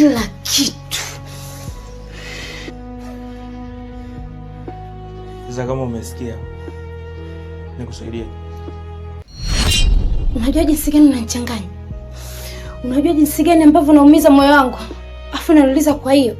kila kitu. Sasa kama umesikia, nikusaidie. Unajua jinsi gani unanichanganya? Unajua jinsi gani ambavyo unaumiza moyo wangu, afu unaniuliza kwa hiyo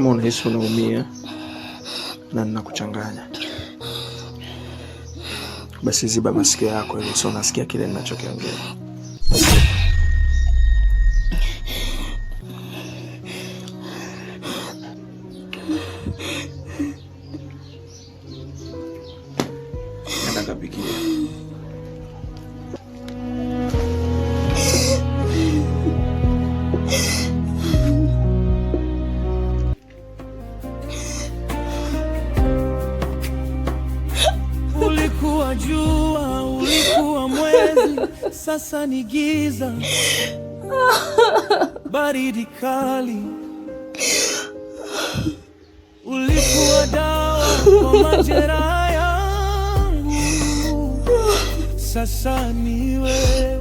kama unahisi unaumia na ninakuchanganya, basi ziba masikio yako ili so unasikia kile ninachokiongea. sasa ni giza, baridi kali, ulikuwa dawa kwa majeraha yangu, sasa ni wewe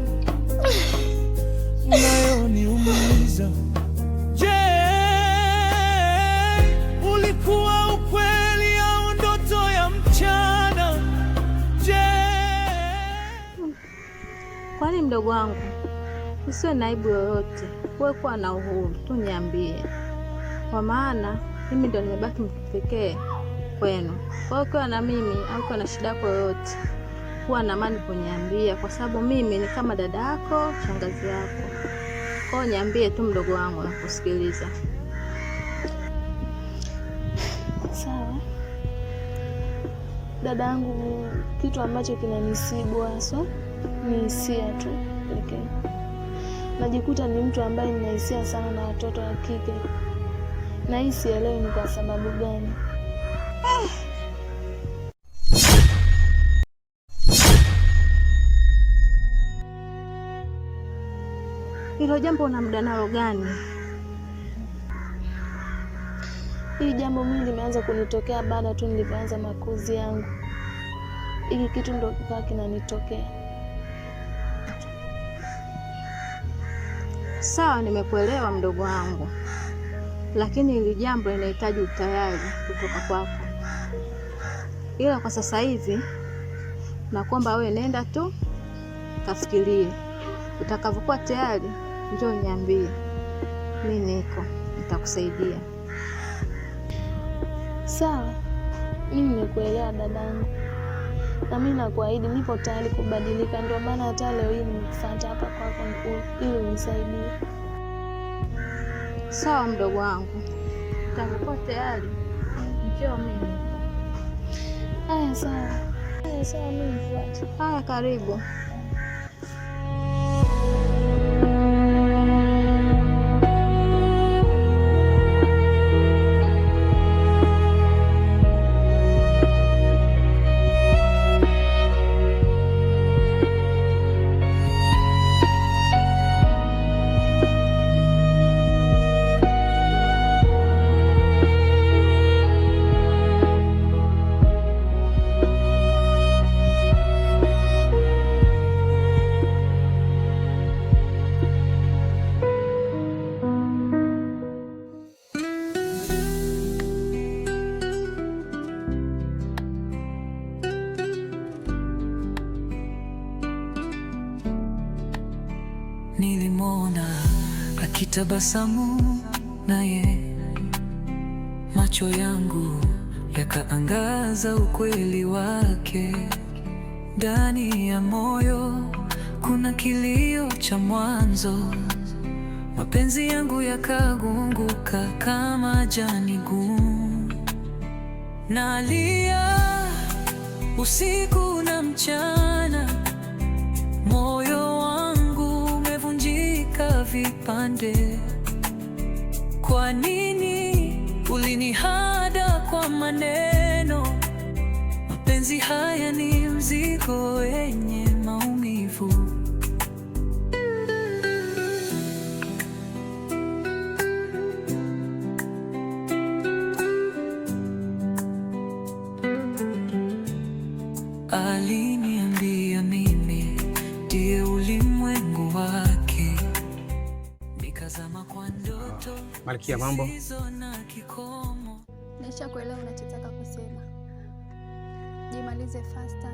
unayoniumiza. mdogo wangu, usiwe na aibu yoyote, wewe kuwa na uhuru tu, niambie, kwa maana mimi ndo nimebaki mtu pekee kwenu. Kwa hiyo ukiwa na mimi au ukiwa na shida yako yoyote, kuwa na amani kuniambia, kwa sababu mimi ni kama dada yako, shangazi yako. Kwa hiyo niambie tu mdogo wangu, nakusikiliza. Sawa dada yangu, kitu ambacho kinanisibu hasa ni hisia tu pekee. Najikuta ni mtu ambaye nina hisia sana na watoto wa kike, na hii sielewi ni kwa sababu gani. Hilo jambo una muda nalo gani? Hili jambo mimi limeanza kunitokea baada tu nilivyoanza makuzi yangu. Hiki kitu ndio kikaa kinanitokea. Sawa, nimekuelewa mdogo wangu, lakini hili jambo linahitaji utayari kutoka kwako, ila kwa sasa hivi nakuomba wewe nenda tu kafikirie, utakavyokuwa tayari njoo niambie, mi niko nitakusaidia. Sawa, mimi nimekuelewa dadangu na mimi nakuahidi nipo tayari kubadilika. Ndio maana hata leo hii nimekufuata hapa kwako ili unisaidie. Sawa mdogo wangu, kama tayari njoo mimi. Haya sawa, haya sawa, mimi nifuate. Haya, karibu. Nilitabasamu naye, macho yangu yakaangaza ukweli wake. Ndani ya moyo kuna kilio cha mwanzo, mapenzi yangu yakagunguka kama jani gumu, nalia usiku na mchana. upande. Kwa nini ulinihada kwa maneno? Mapenzi haya ni mzigo wenye Malkia, mambo. Naisha kuelewa unachotaka kusema. Jimalize faster.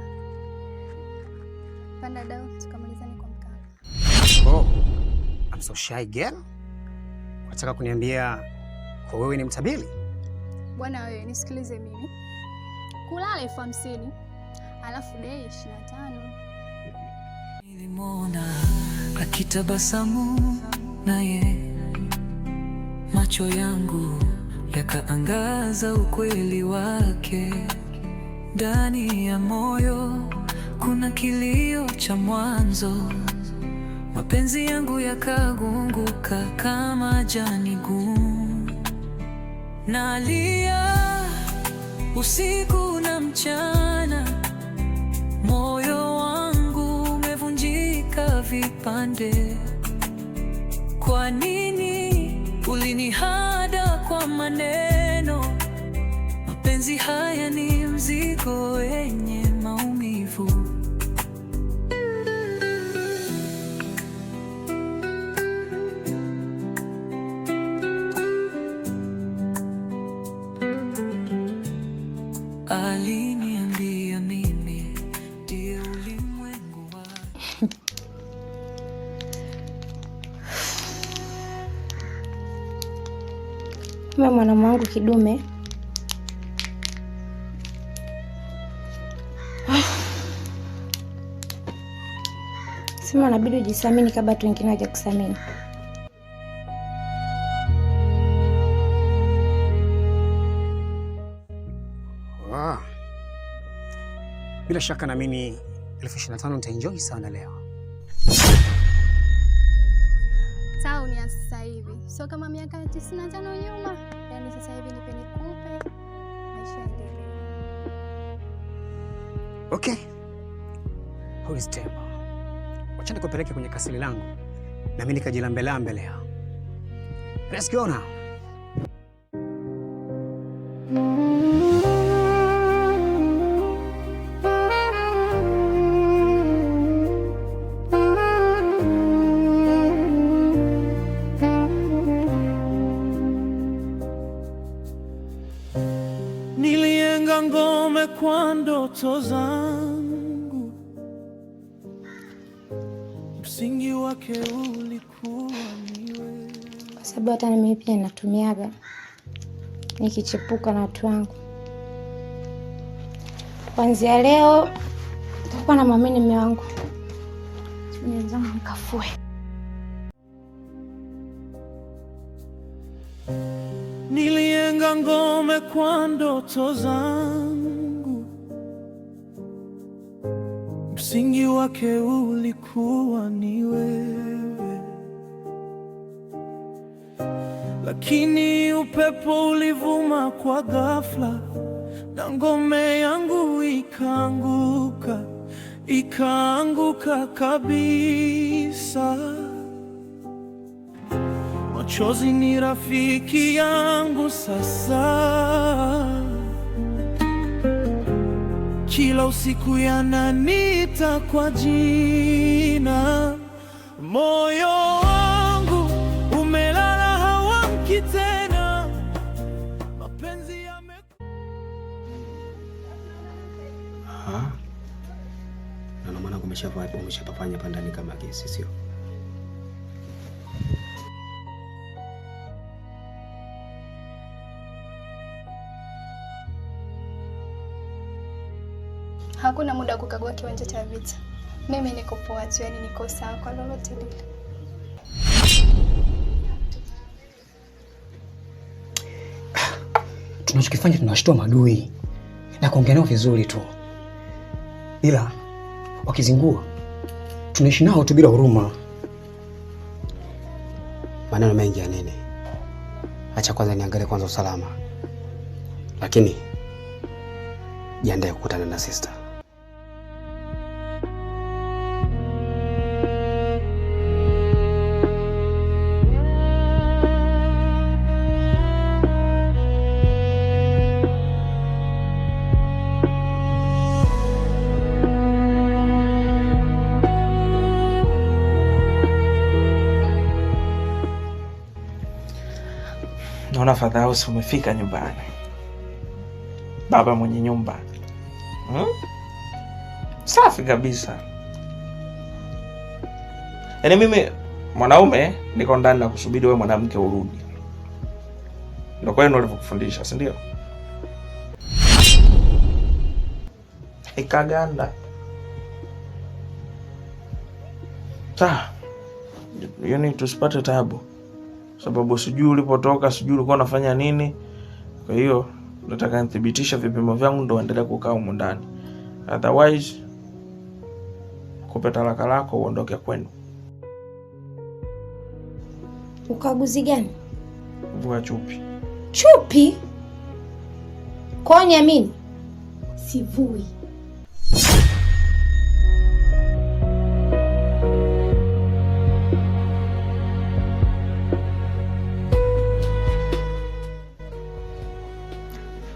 Panda down tukamalizane kwa mkaka. Oh, I'm so shy girl. Unataka kuniambia kwa wewe ni mtabili? Bwana wewe, nisikilize mimi. Kulala elfu hamsini alafu dei ishirini na tano. Nilimwona akitabasamu naye macho yangu yakaangaza ukweli wake. Ndani ya moyo kuna kilio cha mwanzo, mapenzi yangu yakagunguka kama jani gumu. Nalia usiku na mchana, moyo wangu umevunjika vipande. Kwa nini ulinihada kwa maneno, mapenzi haya ni mzigo wenye kuchukua mwanaume wangu kidume sema, nabidi ujisamini kabla watu wengine hawajakusamini. kusamini. Ah. Bila shaka naamini elfu ishirini na tano nitaenjoy sana leo. Sawa, ni sasa hivi, sio kama miaka tano nyuma mimi sasa hivi nipe nikupe, maisha yaendelee. Okay, wacha nikupeleke kwenye kasili langu nami mbele yao. Let's go now. nilienga ngome kwa ndoto zangu, msingi wake ulikuwa niwe, Kwa sababu hata mimi pia natumiaga nikichepuka na watu wangu. kwanzia leo nitakuwa na mume wangu, siku zangu nikafue ngome kwa ndoto zangu, msingi wake ulikuwa ni wewe, lakini upepo ulivuma kwa ghafla na ngome yangu ikaanguka, ikaanguka kabisa machozi ni rafiki yangu sasa, kila usiku yananita kwa jina. Moyo wangu umelala, hawamki tena, mapenzi yame na maana umeshapafanya pandani kama gesi, sio? hakuna muda wa kukagua kiwanja cha vita. Mimi niko poa tu, yani niko sawa kwa lolote lile. Tunachokifanya tunawashtua madui na kuongea nao vizuri tu, ila wakizingua tunaishi nao tu bila huruma. Maneno mengi ya nini? Acha kwanza niangalie kwanza usalama, lakini jiandae kukutana na sister. Father House umefika nyumbani, baba mwenye nyumba hmm? Safi kabisa. Yaani mimi mwanaume niko ndani na kusubiri wewe mwanamke urudi, ndio kwenu walivyokufundisha, si ndio? Ikaganda ta hiyo yaani tusipate tabu sababu sijui ulipotoka, sijui ulikuwa unafanya nini. Kwa hiyo nataka nithibitisha vipimo vyangu ndo endelee kukaa humu ndani, otherwise kupe talaka lako uondoke kwenu. Ukaguzi gani? Vua chupi. Chupi? Kwa niamini sivui.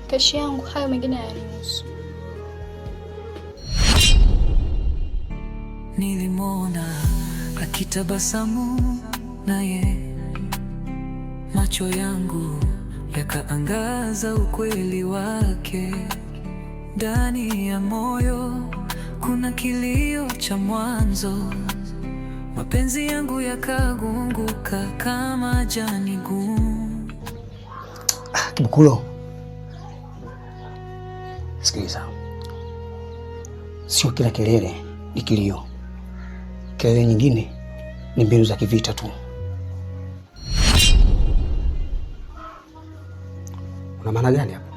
keshi yangu, hayo mengine hayanihusu. Nilimwona akitabasamu naye, macho yangu yakaangaza ukweli wake. Ndani ya moyo kuna kilio cha mwanzo, mapenzi yangu yakagunguka kama jani gumu. Ah, Kibukulo Sikiliza, sio kila kelele ni kilio. Kelele nyingine ni mbinu za kivita tu. Una maana gani hapo?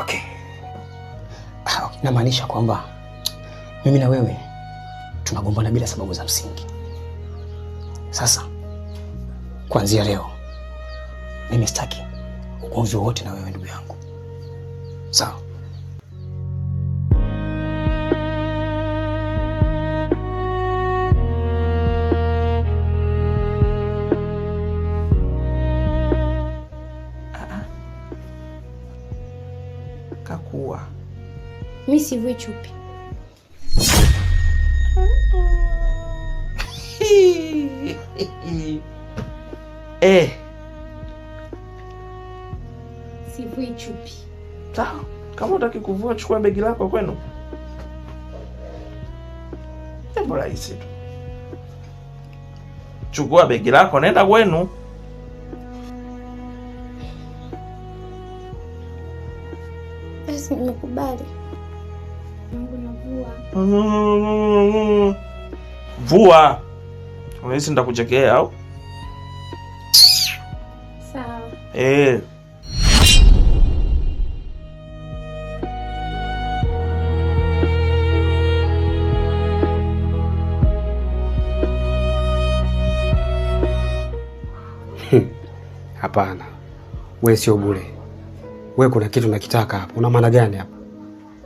Okay. Ah, okay, namaanisha kwamba mimi na wewe tunagombana bila sababu za msingi. Sasa kuanzia leo mimi sitaki ugomvi wowote na wewe ndugu yangu, sawa? nisivue chupi. Eh. Sivui chupi. Sawa. Kama utaki kuvua, chukua begi lako kwenu. Jambo rahisi tu. Chukua begi lako, nenda kwenu. Chukua. Unahisi nitakuchekea au? Sawa. Eh. Hapana, we sio bure. We kuna kitu nakitaka hapa. Una maana gani hapa?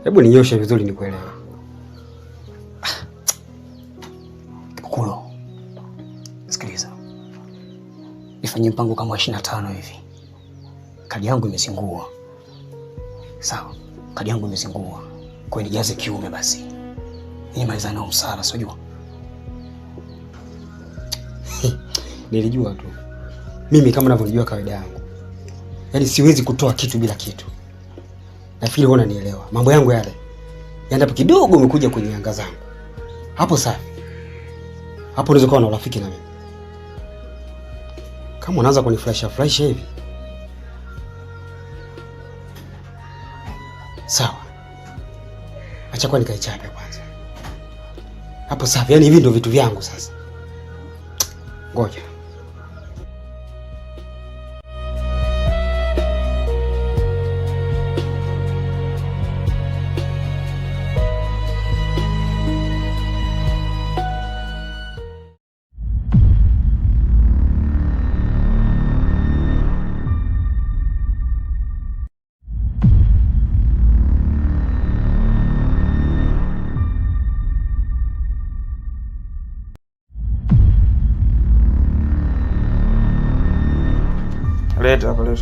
Hebu ninyoshe vizuri nikuelewe. nifanyie mpango kama ishirini na tano hivi. Kadi yangu imezingua. Sawa, kadi yangu imezingua, kwa hiyo nijaze kiume basi, nimaliza nao msala. Sijua nilijua tu mimi, kama navyonijua kawaida yangu, yaani siwezi kutoa kitu bila kitu. Nafikiri huona nielewa mambo yangu yale yaani, kidogo umekuja kwenye anga zangu, hapo safi, hapo unaweza kuwa na urafiki na mimi. Kama unaanza kunifurahisha furahisha hivi, sawa, acha kwa nikaichape kwanza hapo. Safi, yaani hivi ndio vitu vyangu sasa. Ngoja Leta hapa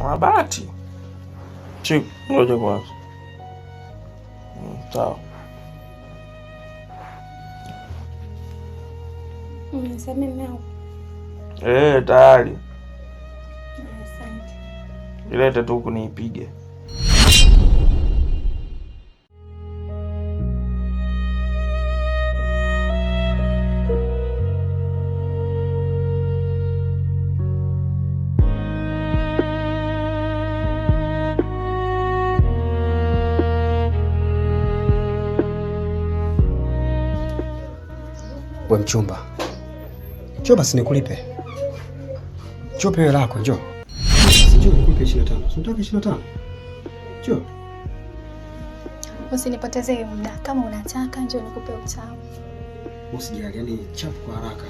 Mabati. chik ngoja kwanza. Mm, sawa. Eh, tayari ilete tu huku niipige. We mchumba Njoo basi nikulipe. Njoo pewe lako, njoo. Njoo nikulipe 25. Unataka 25? Njoo. Usinipotezee muda. Kama unataka njoo nikupe utamu. Usijali, yani chapu kwa haraka.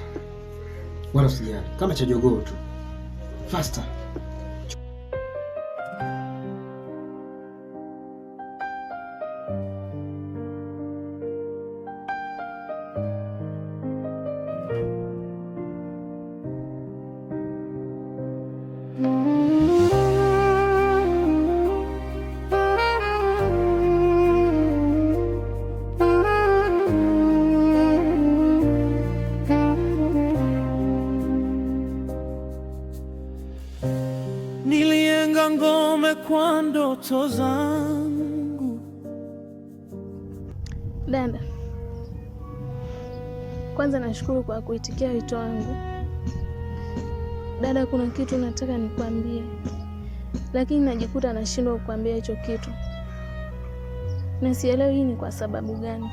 Wala usijali. Kama cha jogoo tu. Faster. ngome kwa ndoto zangu. Dada, kwanza nashukuru kwa kuitikia wito wangu. Dada, kuna kitu nataka nikwambie, lakini najikuta nashindwa kukwambia hicho kitu, na sielewi hii ni kwa sababu gani.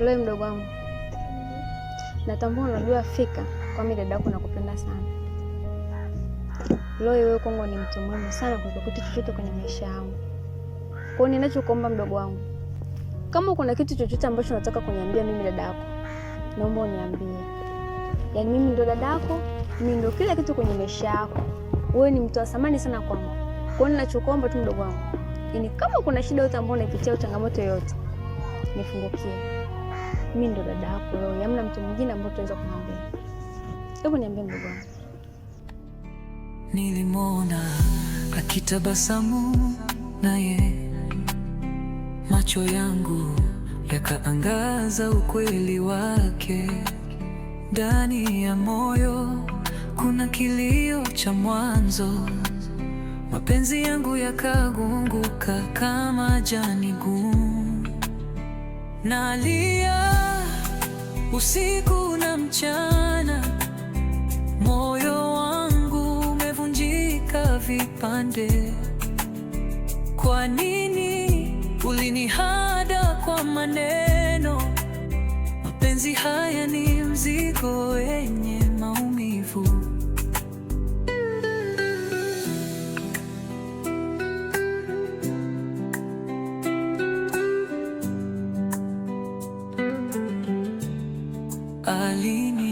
Leo mdogo wangu, natambua unajua fika kwami dada yako nakupenda sana Loi, wewe kwangu ni mtu muhimu sana kuliko kitu chochote kwenye maisha yangu. Kwa hiyo ninachokuomba mdogo wangu, kama kuna kitu chochote ambacho unataka kuniambia mimi dada yako, naomba uniambie. Yaani mimi ndo dada yako, mimi ndo kila kitu kwenye maisha yako. Wewe ni mtu wa thamani sana kwangu. Kwa hiyo ninachokuomba tu mdogo wangu, yaani kama kuna shida yote ambayo unaipitia, changamoto yoyote, nifungukie. Mimi ndo dada yako, yaani wewe hamna mtu mwingine ambaye tunaweza kumwambia. Hebu niambie mdogo wangu. Nilimwona akitabasamu naye, macho yangu yakaangaza ukweli wake. Ndani ya moyo kuna kilio cha mwanzo, mapenzi yangu yakagunguka kama jani gumu. Nalia usiku na mchana moyo vipande. Kwa nini ulinihada kwa maneno? Mapenzi haya ni mzigo wenye maumivu. Alini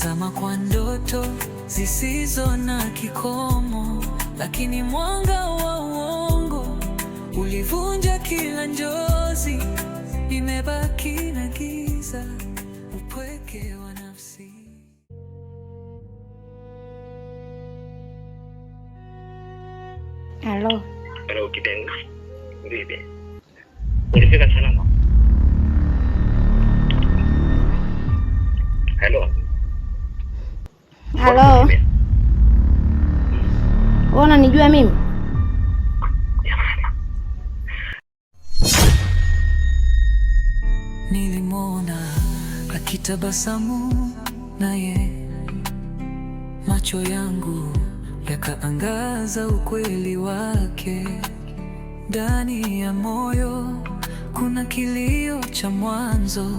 Tazama kwa ndoto zisizo na kikomo, lakini mwanga wa uongo ulivunja kila njozi, imebaki na giza, upweke wa nafsi. Halo. Halo, kipenzi. Vipi? Ulifika salama? Halo. Halo, wewe unanijua mimi? Nilimwona akitabasamu naye, macho yangu yakaangaza ukweli wake. Ndani ya moyo kuna kilio cha mwanzo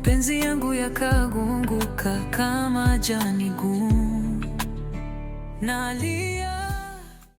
mapenzi yangu yakagunguka kama jani gumu Nalia